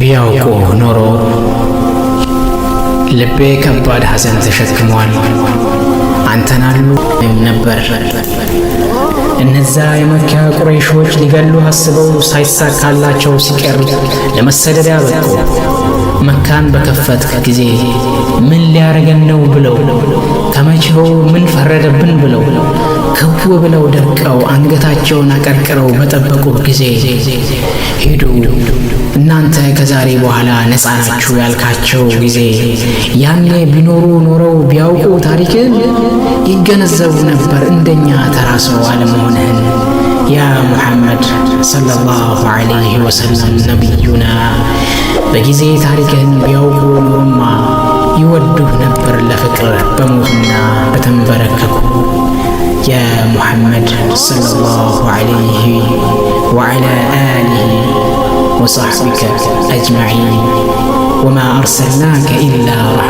ቢያውቁ ኖሮ ልቤ ከባድ ሐዘን ተሸክሟል። አንተናሉ ነበር እነዛ የመካ ቁረይሾች ሊገሉ አስበው ሳይሳካላቸው ሲቀር ለመሰደድ ያበቁ መካን በከፈትክ ጊዜ ምን ሊያረገን ነው ብለው ከመቼው ምን ፈረደብን ብለው ክው ብለው ደርቀው አንገታቸውን አቀርቅረው በጠበቁ ጊዜ ሄዱ እናንተ ከዛሬ በኋላ ነፃ ናችሁ ያልካቸው ጊዜ ያኔ ቢኖሩ ኖረው ቢያውቁ ታሪክን ይገነዘቡ ነበር እንደኛ ተራ ሰው አለመሆንህን። ያ ሙሐመድ ሰለላሁ ዐለይሂ ወሰለም ነቢዩና በጊዜ ታሪክህን ቢያውቁ ኖሮማ ይወዱህ ነበር ለፍቅር በሞቱና በተንበረከኩ። ያ ሙሐመድ ሰለላሁ ዐለይሂ ወዐላ وصحبك أجمعين وما أرسلناك إلا